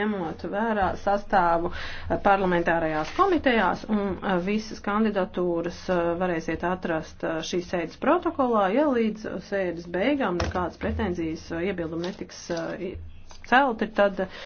ņemot vērā sastāvu parlamentārajās komitejās un visas kandidatūras varēsiet atrast šīs sēdes protokolā, ja līdz sēdes beigām nekādas pretenzijas iebildumi netiks celti, tad